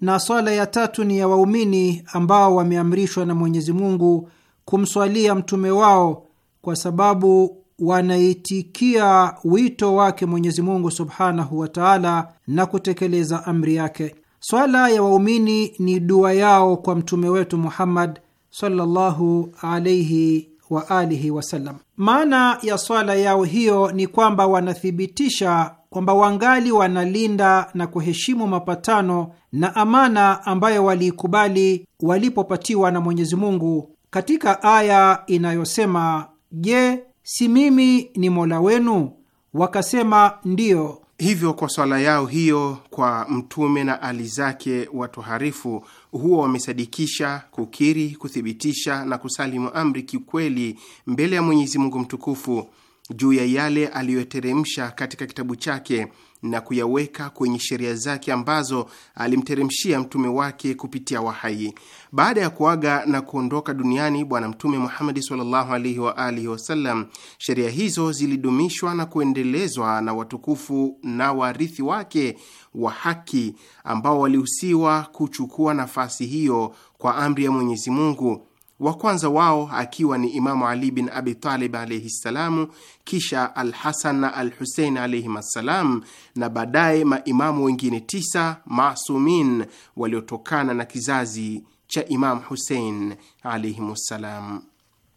na swala ya tatu ni ya waumini ambao wameamrishwa na Mwenyezi Mungu kumswalia mtume wao kwa sababu wanaitikia wito wake Mwenyezi Mungu subhanahu wa taala na kutekeleza amri yake. Swala ya waumini ni dua yao kwa mtume wetu Muhammad sallallahu alaihi wa alihi wasallam. Maana ya swala yao hiyo ni kwamba wanathibitisha kwamba wangali wanalinda na kuheshimu mapatano na amana ambayo waliikubali walipopatiwa na Mwenyezi Mungu katika aya inayosema: Je, si mimi ni Mola wenu? Wakasema ndiyo. Hivyo kwa swala yao hiyo kwa Mtume na Ali zake watoharifu huwa wamesadikisha, kukiri, kuthibitisha na kusalimu amri kikweli mbele ya Mwenyezi Mungu mtukufu juu ya yale aliyoteremsha katika kitabu chake na kuyaweka kwenye sheria zake ambazo alimteremshia mtume wake kupitia wahai. Baada ya kuaga na kuondoka duniani Bwana Mtume Muhamadi sallallahu alaihi wa alihi wasallam, sheria hizo zilidumishwa na kuendelezwa na watukufu na warithi wake wa haki ambao walihusiwa kuchukua nafasi hiyo kwa amri ya Mwenyezi Mungu, wa kwanza wao akiwa ni Imamu Ali bin Abi Talib alaihi ssalamu, kisha Al Hasan na Al Husein alaihim assalam, na baadaye maimamu wengine tisa masumin waliotokana na kizazi cha Imam Husein alaihimussalam.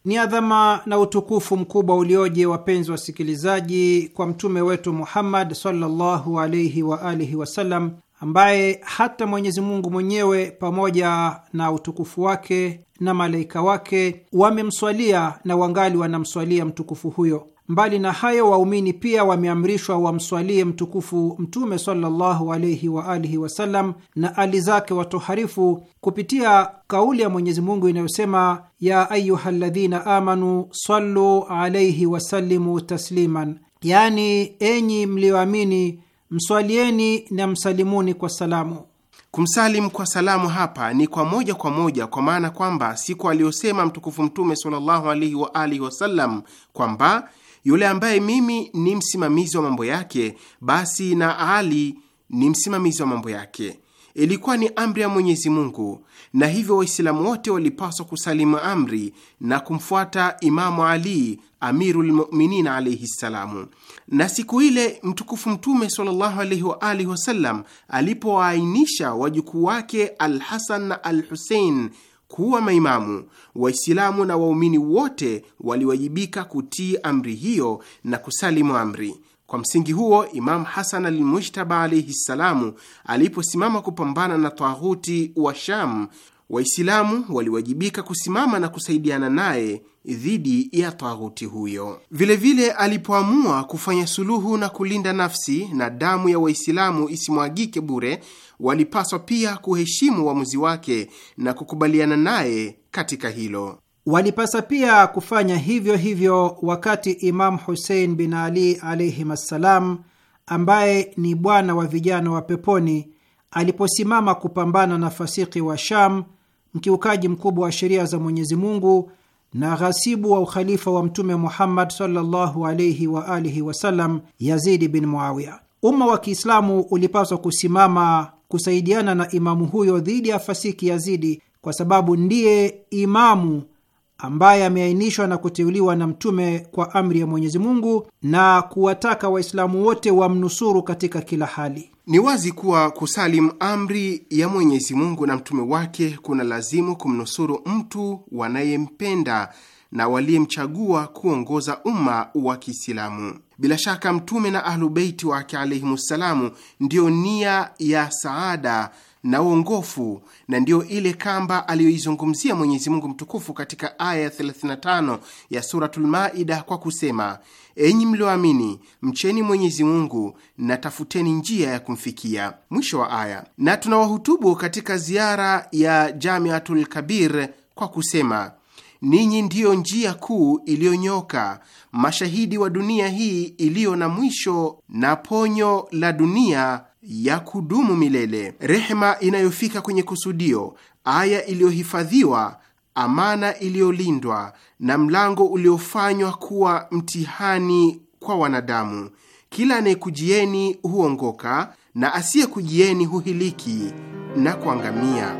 Ni adhama na utukufu mkubwa ulioje, wapenzi wasikilizaji, kwa mtume wetu Muhammad sallallahu alaihi wa alihi wasallam, ambaye hata Mwenyezi Mungu mwenyewe pamoja na utukufu wake na malaika wake wamemswalia na wangali wanamswalia mtukufu huyo. Mbali na hayo, waumini pia wameamrishwa wamswalie mtukufu Mtume sallallahu alaihi wa alihi wasallam na ali zake watoharifu kupitia kauli ya Mwenyezi Mungu inayosema ya ladhina amanu sallu alaihi wasalimu tasliman, yaani enyi mliyoamini mswalieni na msalimuni kwa salamu. Kumsalimu kwa salamu hapa ni kwa moja kwa moja, kwa maana kwamba siku aliyosema mtukufu Mtume sallallahu alaihi wa alihi wasallam kwamba yule ambaye mimi ni msimamizi wa mambo yake, basi na Ali ni msimamizi wa mambo yake. Ilikuwa ni amri ya Mwenyezi Mungu, na hivyo Waislamu wote walipaswa kusalimu amri na kumfuata Imamu Ali Amirul Muminin alaihi ssalamu. Na siku ile mtukufu Mtume sallallahu alaihi wa alihi wasallam alipowaainisha wajukuu wake Alhasan na Al Husein kuwa maimamu, Waislamu na waumini wote waliwajibika kutii amri hiyo na kusalimu amri. Kwa msingi huo, Imamu Hasan Almushtaba alaihi ssalamu aliposimama kupambana na taghuti wa Sham Waislamu waliwajibika kusimama na kusaidiana naye dhidi ya taghuti huyo. Vilevile, alipoamua kufanya suluhu na kulinda nafsi na damu ya Waislamu isimwagike bure, walipaswa pia kuheshimu uamuzi wake na kukubaliana naye katika hilo. Walipasa pia kufanya hivyo hivyo wakati Imamu Husein bin Ali alaihim assalam, ambaye ni bwana wa vijana wa peponi, aliposimama kupambana na fasiki wa Sham mkiukaji mkubwa wa sheria za Mwenyezi Mungu na ghasibu wa ukhalifa wa Mtume Muhammad sallallahu alaihi wa alihi wasallam, Yazidi bin Muawiya. Umma wa Kiislamu ulipaswa kusimama kusaidiana na imamu huyo dhidi ya fasiki Yazidi, kwa sababu ndiye imamu ambaye ameainishwa na kuteuliwa na Mtume kwa amri ya Mwenyezi Mungu, na kuwataka Waislamu wote wamnusuru katika kila hali. Ni wazi kuwa kusalim amri ya Mwenyezi Mungu na mtume wake kuna lazimu kumnusuru mtu wanayempenda na waliyemchagua kuongoza umma wa Kiislamu. Bila shaka mtume na ahlubeiti wake ssalamu ndiyo nia ya saada na uongofu na ndiyo ile kamba aliyoizungumzia Mwenyezi Mungu mtukufu katika aya ya 35 ya Suratul Maida kwa kusema Enyi mlioamini, mcheni Mwenyezi Mungu na tafuteni njia ya kumfikia. Mwisho wa aya. Na tunawahutubu katika ziara ya Jamiatul Kabir kwa kusema Ninyi ndiyo njia kuu iliyonyoka, mashahidi wa dunia hii iliyo na mwisho na ponyo la dunia ya kudumu milele, rehema inayofika kwenye kusudio, aya iliyohifadhiwa amana iliyolindwa na mlango uliofanywa kuwa mtihani kwa wanadamu. Kila anayekujieni huongoka na asiyekujieni huhiliki na kuangamia.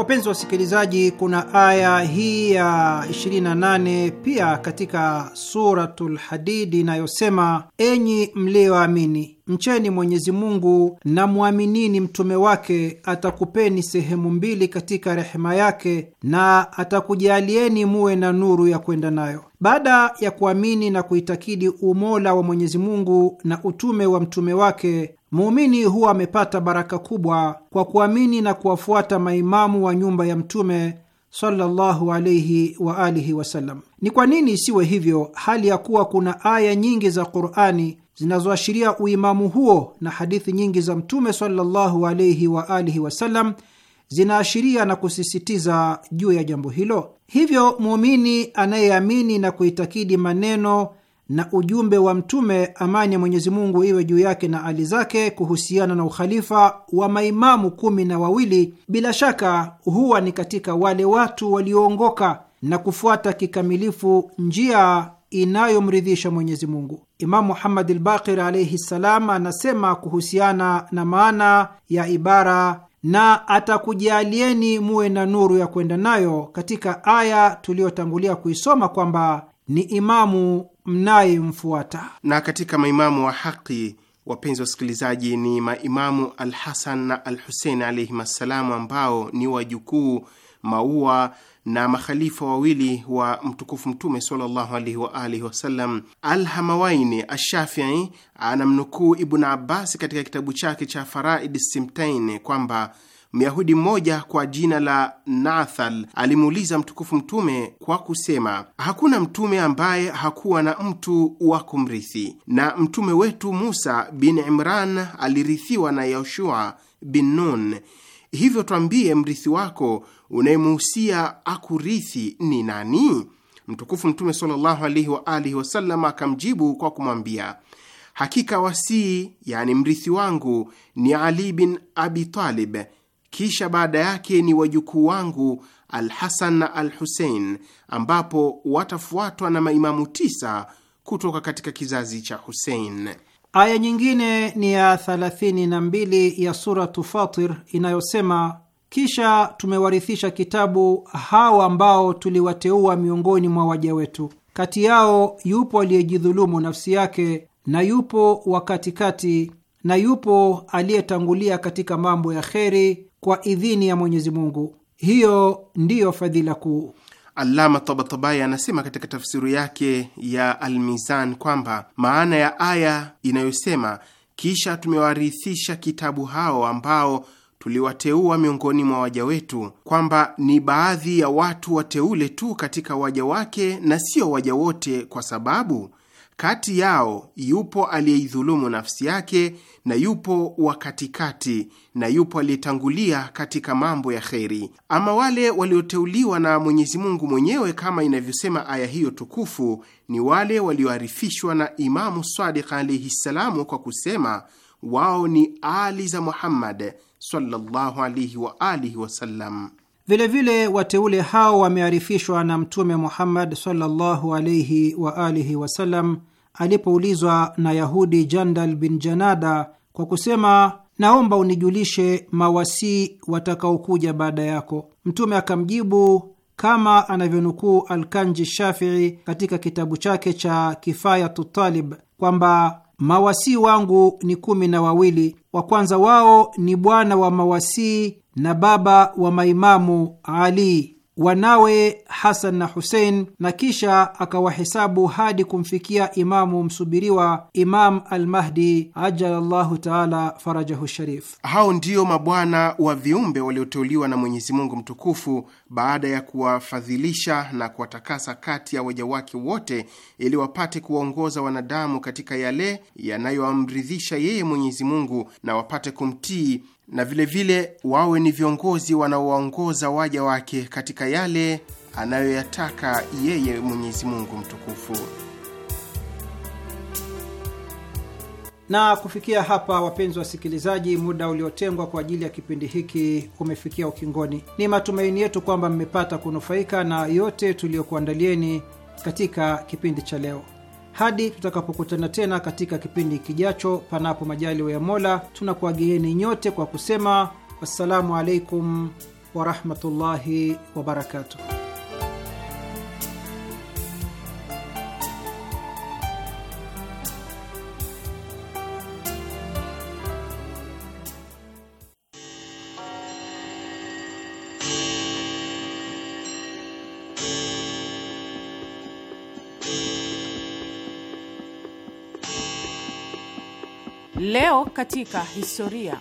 Wapenzi wasikilizaji, kuna aya hii ya 28 pia katika Suratul Hadidi inayosema, enyi mliyoamini mcheni Mwenyezi Mungu na mwaminini mtume wake, atakupeni sehemu mbili katika rehema yake na atakujalieni muwe na nuru ya kwenda nayo. Baada ya kuamini na kuitakidi umola wa Mwenyezi Mungu na utume wa mtume wake Muumini huwa amepata baraka kubwa kwa kuamini na kuwafuata maimamu wa nyumba ya Mtume sallallahu wa alihi wasallam. Ni kwa nini isiwe hivyo, hali ya kuwa kuna aya nyingi za Qur'ani zinazoashiria uimamu huo na hadithi nyingi za Mtume sallallahu wa alihi wasallam zinaashiria na kusisitiza juu ya jambo hilo. Hivyo muumini anayeamini na kuitakidi maneno na ujumbe wa Mtume, amani ya Mwenyezi Mungu iwe juu yake na ali zake, kuhusiana na ukhalifa wa maimamu kumi na wawili, bila shaka huwa ni katika wale watu walioongoka na kufuata kikamilifu njia inayomridhisha Mwenyezi Mungu. Imamu Muhammad al-Baqir alayhi ssalam anasema kuhusiana na maana ya ibara na atakujalieni muwe na nuru ya kwenda nayo katika aya tuliyotangulia kuisoma kwamba ni imamu mnayemfuata. Na katika maimamu wa haki, wapenzi wasikilizaji, ni maimamu Al Hasan na Al Husein alaihim assalamu, ambao ni wajukuu maua na makhalifa wawili wa mtukufu Mtume sallallahu alaihi wa alihi wasallam. Alhamawaini Ashafii anamnukuu Ibnu Abbas katika kitabu chake cha Faraidi Simtain kwamba Myahudi mmoja kwa jina la Nathal alimuuliza mtukufu Mtume kwa kusema, hakuna mtume ambaye hakuwa na mtu wa kumrithi, na mtume wetu Musa bin Imran alirithiwa na Yoshua bin Nun, hivyo twambie, mrithi wako unayemuhusia akurithi ni nani? Mtukufu Mtume sallallahu alaihi wa alihi wasallam akamjibu kwa kumwambia Hakika wasii, yani mrithi wangu ni Ali bin Abi Talib, kisha baada yake ni wajukuu wangu Al-Hasan na Al-Husein, ambapo watafuatwa na maimamu tisa kutoka katika kizazi cha Husein. Aya nyingine ni ya 32 ya Suratu Fatir inayosema, kisha tumewarithisha kitabu hawa ambao tuliwateua miongoni mwa waja wetu, kati yao yupo aliyejidhulumu nafsi yake na yupo wa katikati na yupo aliyetangulia katika mambo ya kheri kwa idhini ya Mwenyezi Mungu. Hiyo ndiyo fadhila kuu. Alama Tabatabai anasema katika tafsiri yake ya Almizan kwamba maana ya aya inayosema kisha tumewarithisha kitabu hao ambao tuliwateua miongoni mwa waja wetu, kwamba ni baadhi ya watu wateule tu katika waja wake na sio waja wote, kwa sababu kati yao yupo aliyeidhulumu nafsi yake na yupo wa katikati na yupo aliyetangulia katika mambo ya kheri. Ama wale walioteuliwa na Mwenyezi Mungu mwenyewe kama inavyosema aya hiyo tukufu ni wale walioarifishwa na Imamu Sadiq alaihi ssalamu kwa kusema wao ni ali za Muhammad sallallahu alaihi wa alihi wasallam. Vilevile wateule hao wamearifishwa na Mtume Muhammad sallallahu alaihi wa alihi wasallam alipoulizwa na Yahudi Jandal bin Janada kwa kusema, naomba unijulishe mawasii watakaokuja baada yako. Mtume akamjibu kama anavyonukuu Alkanji Shafii katika kitabu chake cha Kifayatu Talib kwamba Mawasii wangu ni kumi na wawili. Wa kwanza wao ni bwana wa mawasii na baba wa maimamu Ali wanawe Hasan na Husein, na kisha akawahesabu hadi kumfikia imamu msubiriwa Imam Almahdi ajalallahu taala farajahu sharif. Hao ndio mabwana wa viumbe walioteuliwa na Mwenyezi Mungu mtukufu baada ya kuwafadhilisha na kuwatakasa kati ya waja wake wote, ili wapate kuwaongoza wanadamu katika yale yanayoamridhisha yeye Mwenyezi Mungu na wapate kumtii na vilevile vile, wawe ni viongozi wanaowaongoza waja wake katika yale anayoyataka yeye Mwenyezi Mungu mtukufu. Na kufikia hapa, wapenzi wasikilizaji, muda uliotengwa kwa ajili ya kipindi hiki umefikia ukingoni. Ni matumaini yetu kwamba mmepata kunufaika na yote tuliyokuandalieni katika kipindi cha leo. Hadi tutakapokutana tena katika kipindi kijacho, panapo majaliwa ya Mola, tunakuagieni nyote kwa kusema wassalamu alaikum warahmatullahi wabarakatuh. Leo katika historia.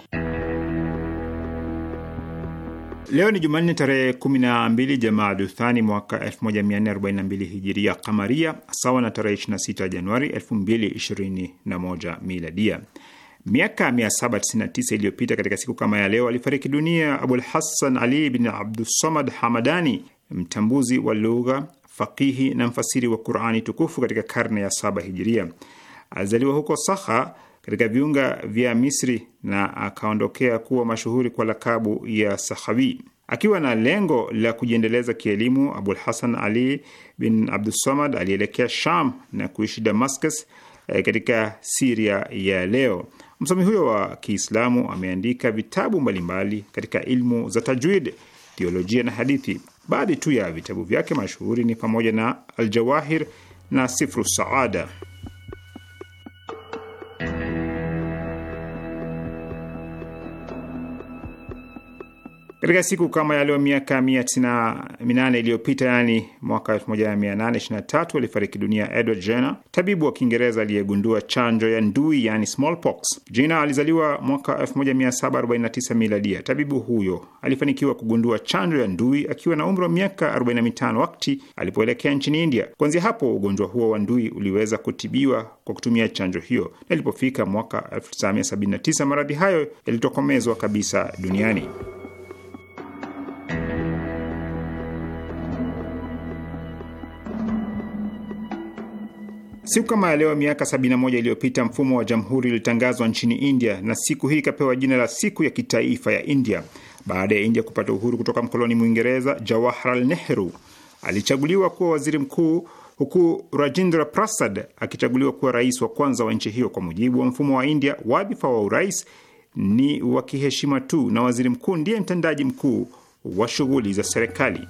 Leo ni Jumanne tarehe 12 Jamaaduthani mwaka 1442 hijiria kamaria, sawa na tarehe 26 Januari 2021 miladia. Miaka 799 iliyopita katika siku kama ya leo alifariki dunia Abul Hassan Ali bin Abdussamad Hamadani, mtambuzi wa lugha, fakihi na mfasiri wa Qurani tukufu katika karne ya saba hijiria. Alizaliwa huko Sakha katika viunga vya Misri na akaondokea kuwa mashuhuri kwa lakabu ya Sahawi. Akiwa na lengo la kujiendeleza kielimu, Abul Hasan Ali bin Abdussamad alielekea Sham na kuishi Damascus eh, katika Siria ya leo. Msomi huyo wa Kiislamu ameandika vitabu mbalimbali katika ilmu za tajwid, teolojia na hadithi. Baadhi tu ya vitabu vyake mashuhuri ni pamoja na Aljawahir na Sifru Saada. Katika siku kama ya leo miaka mia tisini na minane iliyopita, yaani mwaka 1823 alifariki dunia Edward Jenner, tabibu wa Kiingereza aliyegundua chanjo ya ndui, yaani smallpox. Jenner alizaliwa mwaka 1749 miladia. Tabibu huyo alifanikiwa kugundua chanjo ya ndui akiwa na umri wa miaka mitano wakati alipoelekea nchini India. Kuanzia hapo ugonjwa huo wa ndui uliweza kutibiwa kwa kutumia chanjo hiyo, na ilipofika mwaka tisa maradhi hayo yalitokomezwa kabisa duniani. Siku kama ya leo miaka 71 iliyopita mfumo wa jamhuri ulitangazwa nchini India na siku hii ikapewa jina la siku ya kitaifa ya India baada ya India kupata uhuru kutoka mkoloni Mwingereza. Jawaharlal Nehru alichaguliwa kuwa waziri mkuu huku Rajendra Prasad akichaguliwa kuwa rais wa kwanza wa nchi hiyo. Kwa mujibu wa mfumo wa India, wadhifa wa urais ni wa kiheshima tu na waziri mkuu ndiye mtendaji mkuu wa shughuli za serikali.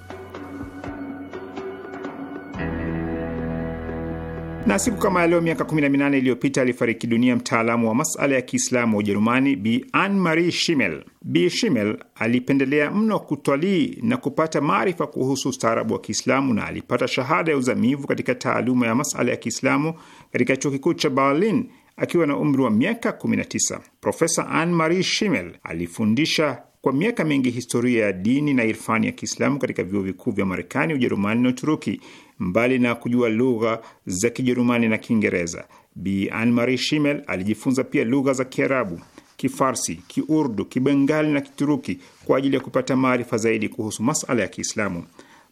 Na siku kama leo miaka 18 iliyopita alifariki dunia mtaalamu wa masala ya Kiislamu wa Ujerumani Bi Ann Marie Schimmel. Bi Schimmel alipendelea mno kutwalii na kupata maarifa kuhusu ustaarabu wa Kiislamu na alipata shahada ya uzamivu katika taaluma ya masala ya Kiislamu katika chuo kikuu cha Berlin akiwa na umri wa miaka 19. Profesa anne Marie Schimmel alifundisha kwa miaka mingi historia ya dini na irfani ya Kiislamu katika vyuo vikuu vya Marekani, Ujerumani na Uturuki mbali na kujua lugha za Kijerumani na Kiingereza, Bi Anne-Marie alijifunza pia lugha za Kiarabu, Kifarsi, Kiurdu, Kibengali na Kituruki kwa ajili ya kupata maarifa zaidi kuhusu masala ya Kiislamu.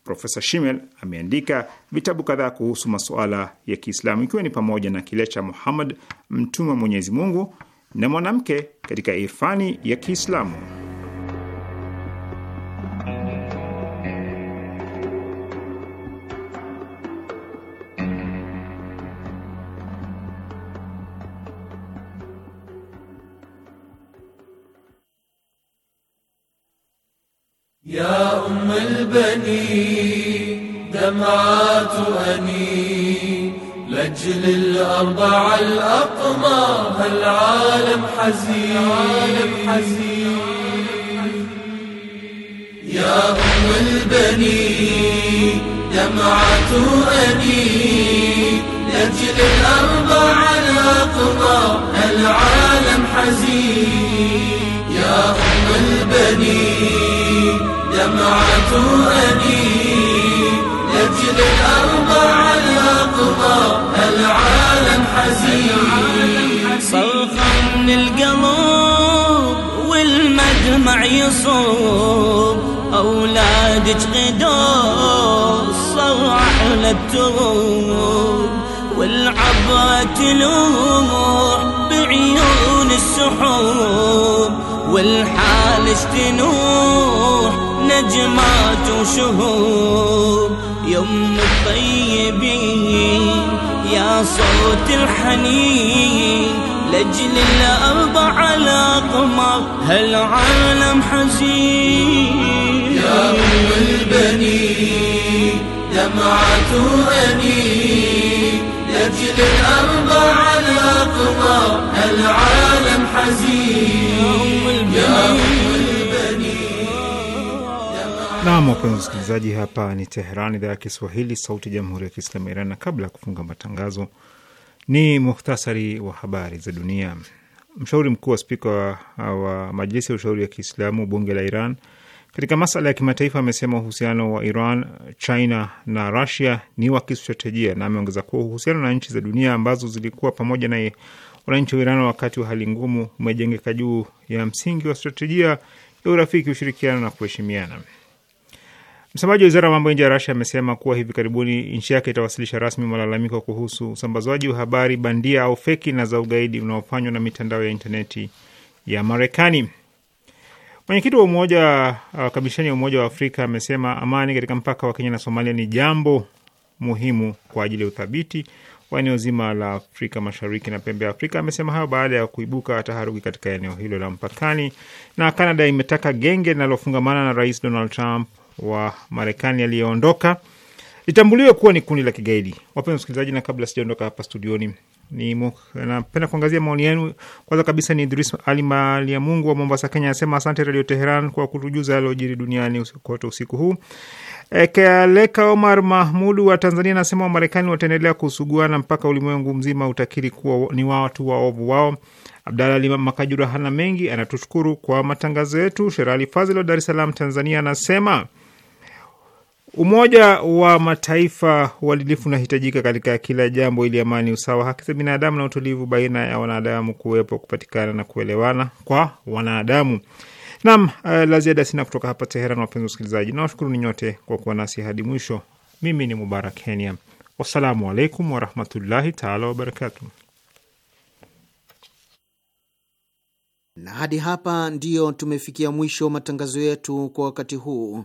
Profesa Shimel ameandika vitabu kadhaa kuhusu masuala ya Kiislamu, ikiwa ni pamoja na kile cha Muhammad mtume wa Mwenyezi Mungu na mwanamke katika irfani ya Kiislamu. البني دمعات أني لأجل الأربع الأقمار هالعالم حزين, حزين يا أم البني دمعة أني لأجل الأربع الأقمار هالعالم حزين يا أم البني أني لجل الأرض على قضاء العالم حزين صرخة من القلب والمدمع يصوب أولادك غدور صرع للتروب والعبرة تلوح بعيون السحوب والحال اشتنوح نجمات وشهور يوم الطيبين يا صوت الحنين لجل الأرض على قمر هالعالم حزين يا أم البني دمعة أنين لجل الأرض على قمر هالعالم حزين يا أم البني Nam, wapenzi msikilizaji, hapa ni Teheran, idhaa ya Kiswahili, sauti ya jamhuri ya kiislamu ya Iran. Na kabla ya kufunga matangazo, ni muhtasari wa habari za dunia. Mshauri mkuu wa spika wa majlisi ya ushauri ya Kiislamu, bunge la Iran, katika masala ya kimataifa amesema uhusiano wa Iran, China na Rusia ni wa kistratejia, na ameongeza kuwa uhusiano na nchi za dunia ambazo zilikuwa pamoja na wananchi wa Iran wakati wa hali ngumu umejengeka juu ya msingi wa stratejia ya urafiki, ushirikiano na kuheshimiana. Msemaji wa wizara ya mambo ya nje ya Rasia amesema kuwa hivi karibuni nchi yake itawasilisha rasmi malalamiko kuhusu usambazaji wa habari bandia au feki na za ugaidi unaofanywa na mitandao ya intaneti ya Marekani. Mwenyekiti wa umoja wa uh, kamisheni ya Umoja wa Afrika amesema amani katika mpaka wa Kenya na Somalia ni jambo muhimu kwa ajili ya uthabiti wa eneo zima la Afrika Mashariki na pembe ya Afrika. Amesema hayo baada ya kuibuka taharuki katika eneo hilo la mpakani. Na Canada imetaka genge linalofungamana na Rais Donald Trump wa Marekani aliyeondoka litambuliwe kuwa ni kundi la kigaidi. Wapenzi wasikilizaji, na kabla sijaondoka hapa studioni, ni napenda kuangazia maoni yenu. Kwanza kabisa ni Idris Ali Mali ya Mungu wa Mombasa, Kenya, anasema asante Radio Teheran kwa kutujuza yaliyojiri duniani kote usiku huu. E, Kaleka Omar Mahmudu wa Tanzania anasema Wamarekani wataendelea kusuguana mpaka ulimwengu mzima utakiri kuwa ni watu tu waovu wao. Abdala Ali Makajura hana mengi, anatushukuru kwa matangazo yetu. Sherali Fazil wa Dar es Salaam, Tanzania, anasema Umoja wa Mataifa uadilifu unahitajika katika kila jambo, ili amani, usawa, haki za binadamu na utulivu baina ya wanadamu kuwepo, kupatikana na kuelewana kwa wanadamu. Nam eh, la ziada sina kutoka hapa Teheran, wapenzi wasikilizaji, na washukuru ni nyote kwa kuwa nasi hadi mwisho. Mimi ni Mubarak Kenya, wassalamu alaikum warahmatullahi taala wabarakatu. Na hadi hapa ndiyo tumefikia mwisho matangazo yetu kwa wakati huu.